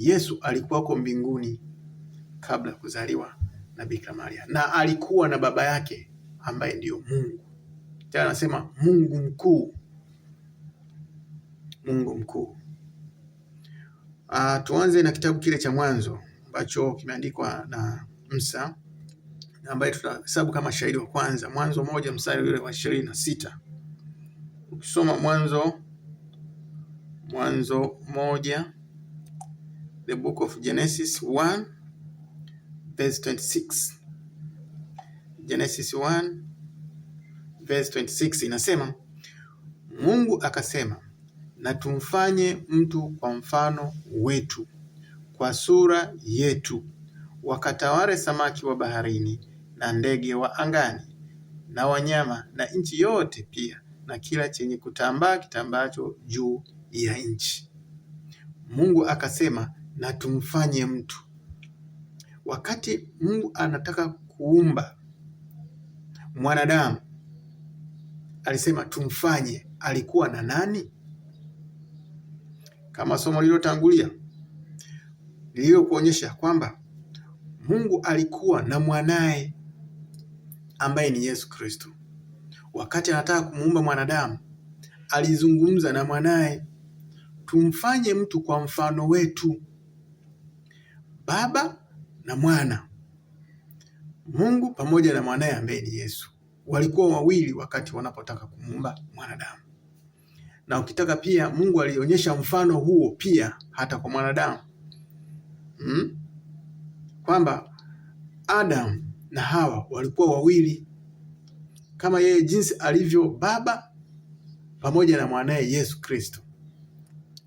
Yesu alikuwako mbinguni kabla ya kuzaliwa na Bikira Maria na alikuwa na baba yake ambaye ndiyo Mungu. Tena anasema Mungu mkuu, Mungu mkuu. Uh, tuanze na kitabu kile cha Mwanzo ambacho kimeandikwa na Musa ambaye tutahesabu kama shahidi wa kwanza, Mwanzo moja mstari ule wa ishirini na sita. Ukisoma Mwanzo Mwanzo moja the book of Genesis 1 verse 26. Genesis 1 verse 26 inasema, Mungu akasema, na tumfanye mtu kwa mfano wetu, kwa sura yetu, wakatawale samaki wa baharini na ndege wa angani na wanyama na nchi yote pia na kila chenye kutambaa kitambacho juu ya nchi. Mungu akasema na tumfanye mtu. Wakati Mungu anataka kuumba mwanadamu, alisema tumfanye, alikuwa na nani? Kama somo lililotangulia lililokuonyesha kwamba Mungu alikuwa na mwanaye ambaye ni Yesu Kristo. Wakati anataka kumuumba mwanadamu, alizungumza na mwanaye, tumfanye mtu kwa mfano wetu. Baba na Mwana. Mungu pamoja na mwanaye ambaye ni Yesu walikuwa wawili wakati wanapotaka kumuumba mwanadamu, na ukitaka pia Mungu alionyesha mfano huo pia hata kwa mwanadamu hmm? kwamba Adam na Hawa walikuwa wawili kama yeye jinsi alivyo Baba pamoja na mwanaye Yesu Kristo,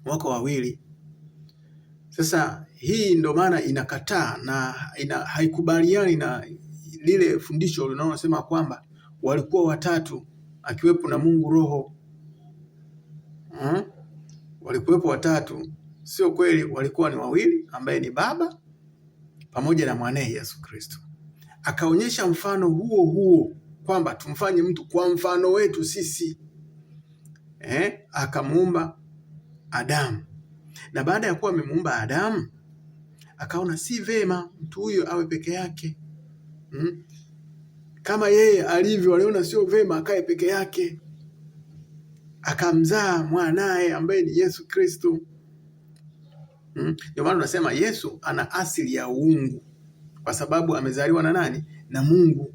wako wawili sasa hii ndio maana inakataa na ina, haikubaliani na lile fundisho linalosema kwamba walikuwa watatu akiwepo na Mungu Roho hmm? Walikuwepo watatu, sio kweli. Walikuwa ni wawili, ambaye ni Baba pamoja na mwanaye Yesu Kristo. Akaonyesha mfano huo huo kwamba tumfanye mtu kwa mfano wetu sisi eh? Akamuumba Adamu na baada ya kuwa amemuumba Adamu, akaona si vema mtu huyo awe peke yake hmm? Kama yeye alivyo, aliona sio vema akae peke yake, akamzaa mwanaye ambaye ni Yesu Kristo. Hmm? Ndio maana hmm? Tunasema Yesu ana asili ya uungu kwa sababu amezaliwa na nani? Na Mungu.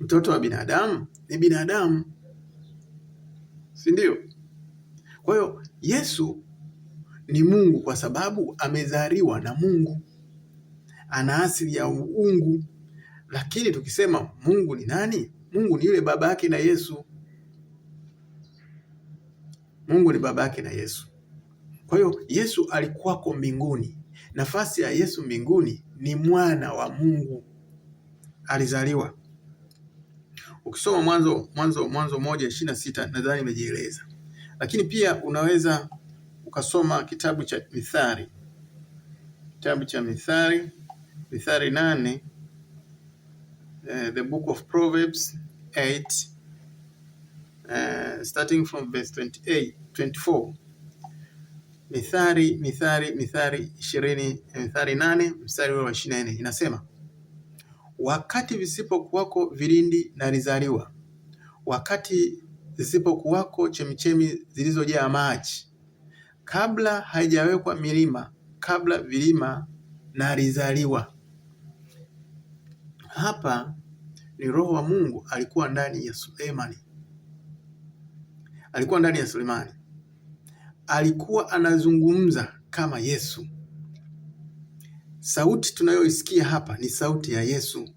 Mtoto wa binadamu ni binadamu, si ndio? Kwa hiyo Yesu ni Mungu kwa sababu amezaliwa na Mungu, ana asili ya uungu. Lakini tukisema Mungu ni nani? Mungu ni yule baba yake na Yesu. Mungu ni baba yake na Yesu. Kwa hiyo Yesu alikuwako mbinguni. Nafasi ya Yesu mbinguni ni mwana wa Mungu, alizaliwa. Ukisoma Mwanzo Mwanzo Mwanzo moja ishirini na sita nadhani imejieleza lakini pia unaweza ukasoma kitabu cha Mithali, kitabu cha Mithali, Mithali nane, uh, the book of Proverbs 8 uh, eh, starting from verse 28, 24. Mithali, Mithali, Mithali ishirini, Mithali nane mstari wa ishirini na nne inasema wakati visipokuwako vilindi nalizaliwa, wakati zisipokuwako chemichemi zilizojaa maji, kabla haijawekwa milima, kabla vilima na alizaliwa. Hapa ni Roho wa Mungu alikuwa ndani ya Sulemani, alikuwa ndani ya Sulemani, alikuwa anazungumza kama Yesu. Sauti tunayoisikia hapa ni sauti ya Yesu,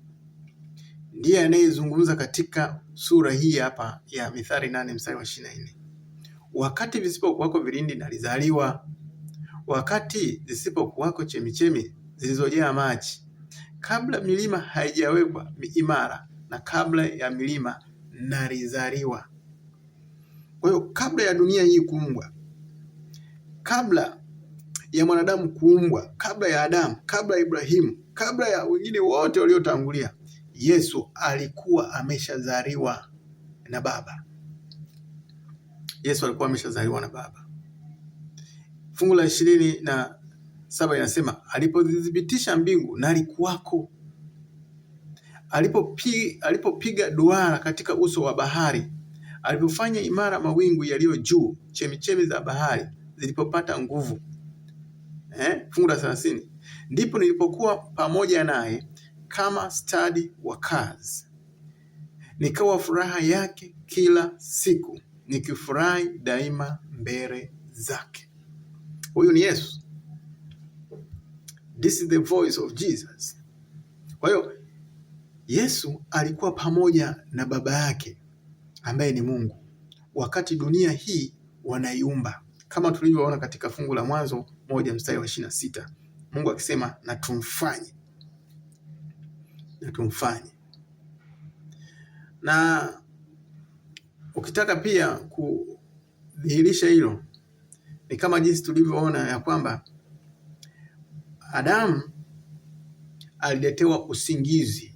ndiye anayezungumza katika sura hii hapa ya Mithali nane mstari wa ishirini na nne wakati visipokuwako vilindi nalizaliwa, wakati zisipokuwako chemichemi zilizojaa maji, kabla milima haijawekwa imara na kabla ya milima nalizaliwa. Kwa hiyo kabla ya dunia hii kuumbwa, kabla ya mwanadamu kuumbwa, kabla ya Adamu, kabla ya Ibrahimu, kabla ya wengine wote waliotangulia, Yesu alikuwa ameshazaliwa na Baba. Yesu alikuwa ameshazaliwa na Baba. Fungu la ishirini na saba inasema alipozithibitisha mbingu na alikuwako, alipopiga alipopiga duara katika uso wa bahari, alipofanya imara mawingu yaliyo juu, chemichemi za bahari zilipopata nguvu. Eh, fungu la thelathini ndipo nilipokuwa pamoja naye kama stadi wa kazi, nikawa furaha yake kila siku nikifurahi daima mbele zake. Huyu ni Yesu. This is the voice of Jesus. Kwa hiyo Yesu alikuwa pamoja na Baba yake ambaye ni Mungu wakati dunia hii wanaiumba, kama tulivyoona katika fungu la Mwanzo moja mstari wa ishirini na sita Mungu akisema na tumfanye na tumfanye na Ukitaka pia kudhihirisha hilo, ni kama jinsi tulivyoona ya kwamba Adamu aliletewa usingizi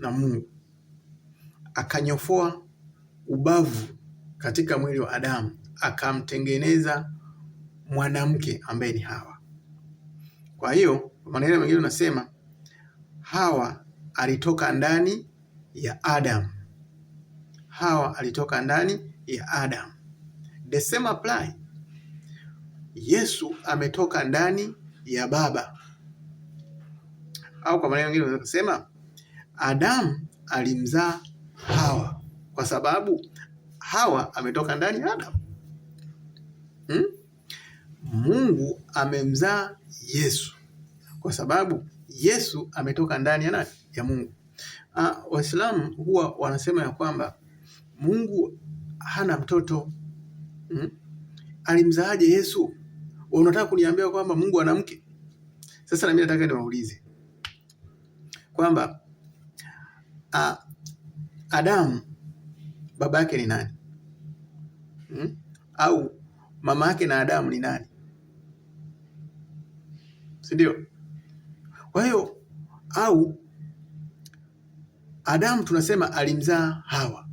na Mungu, akanyofoa ubavu katika mwili wa Adamu, akamtengeneza mwanamke ambaye ni Hawa. Kwa hiyo kwa maneno mengine, unasema Hawa alitoka ndani ya Adamu. Hawa alitoka ndani ya Adam. The same apply. Yesu ametoka ndani ya Baba, au kwa maana nyingine unaweza kusema Adamu alimzaa Hawa kwa sababu Hawa ametoka ndani ya Adamu. Hmm? Mungu amemzaa Yesu kwa sababu Yesu ametoka ndani ya nani? Ya Mungu. Ah, Waislamu huwa wanasema ya kwamba Mungu hana mtoto hmm? Alimzaaje Yesu? Unataka kuniambia kwamba Mungu ana mke? Sasa na mimi nataka niwaulize kwamba Adamu baba yake ni nani hmm? Au mama yake na Adamu ni nani, si ndio? Kwa hiyo au Adamu tunasema alimzaa Hawa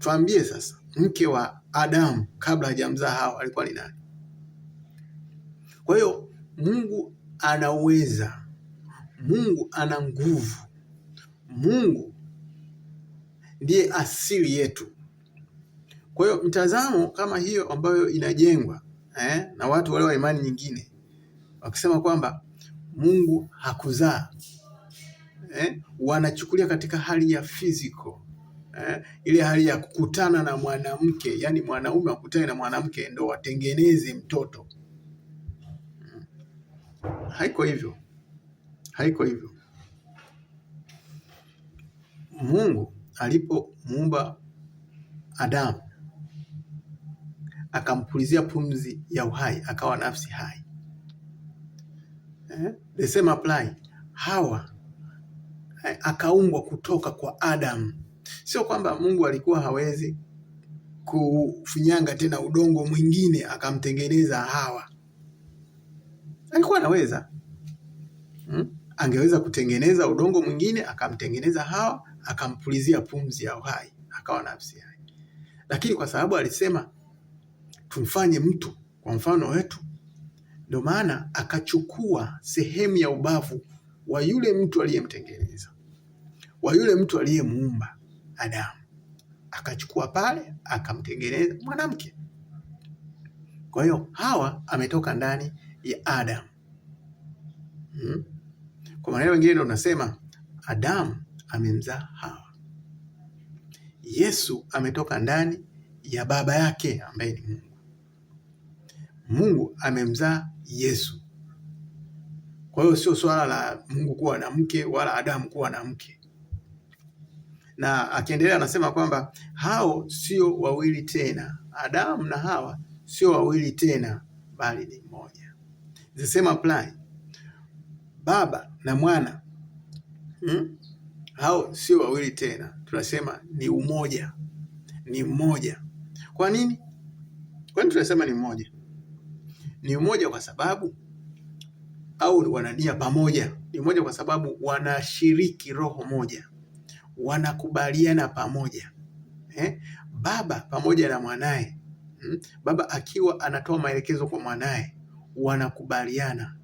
Tuambie sasa, mke wa Adamu kabla hajamzaa Hawa alikuwa ni nani? Kwa hiyo Mungu anaweza, Mungu ana nguvu, Mungu ndiye asili yetu. Kwa hiyo mtazamo kama hiyo ambayo inajengwa eh, na watu wale wa imani nyingine wakisema kwamba Mungu hakuzaa eh, wanachukulia katika hali ya physical eh, ile hali ya kukutana na mwanamke, yani mwanaume akutane na mwanamke ndo watengeneze mtoto. Hmm. Haiko hivyo, haiko hivyo. Mungu alipomuumba Adamu akampulizia pumzi ya uhai akawa nafsi hai. Eh? The same apply. Hawa eh, akaungwa kutoka kwa Adamu. Sio kwamba Mungu alikuwa hawezi kufinyanga tena udongo mwingine akamtengeneza Hawa, alikuwa anaweza hmm? Angeweza kutengeneza udongo mwingine akamtengeneza Hawa, akampulizia pumzi ya uhai, akawa nafsi yake, lakini kwa sababu alisema tumfanye mtu kwa mfano wetu, ndio maana akachukua sehemu ya ubavu wa yule mtu aliyemtengeneza, wa yule mtu aliyemuumba. Adamu, akachukua pale akamtengeneza mwanamke. Kwa hiyo Hawa ametoka ndani ya Adamu hmm? Kwa maneno mengine unasema Adamu amemzaa Hawa. Yesu ametoka ndani ya baba yake ambaye ni Mungu. Mungu amemzaa Yesu. Kwa hiyo sio swala la Mungu kuwa na mke wala Adamu kuwa na mke na akiendelea anasema kwamba hao sio wawili tena, Adamu na Hawa sio wawili tena, bali ni mmoja. The same apply, baba na mwana hmm? hao sio wawili tena, tunasema ni umoja, ni mmoja. Kwa nini? Kwa nini tunasema ni mmoja? Ni umoja kwa sababu au wanania pamoja, ni mmoja kwa sababu wanashiriki roho moja wanakubaliana pamoja eh? Baba pamoja na mwanaye hmm? Baba akiwa anatoa maelekezo kwa mwanaye wanakubaliana,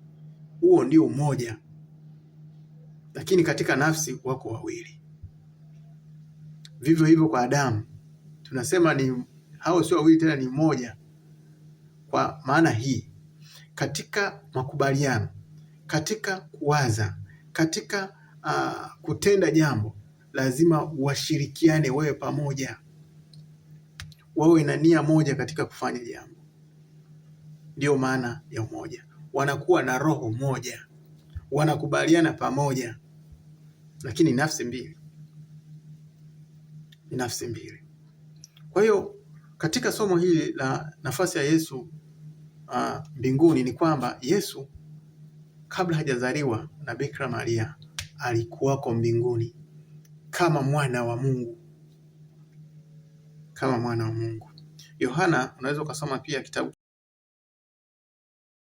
huo ndio umoja. Lakini katika nafsi wako wawili, vivyo hivyo kwa Adamu tunasema ni hao sio wawili tena, ni mmoja. Kwa maana hii, katika makubaliano, katika kuwaza, katika uh, kutenda jambo lazima washirikiane, wewe pamoja, wawe na nia moja katika kufanya jambo. Ndiyo maana ya umoja, wanakuwa na roho moja, wanakubaliana pamoja, lakini nafsi mbili, nafsi mbili. Kwa hiyo katika somo hili la nafasi ya Yesu ah, mbinguni ni kwamba Yesu kabla hajazaliwa na Bikira Maria alikuwako mbinguni kama mwana wa Mungu, kama mwana wa Mungu. Yohana, unaweza ukasoma pia kitabu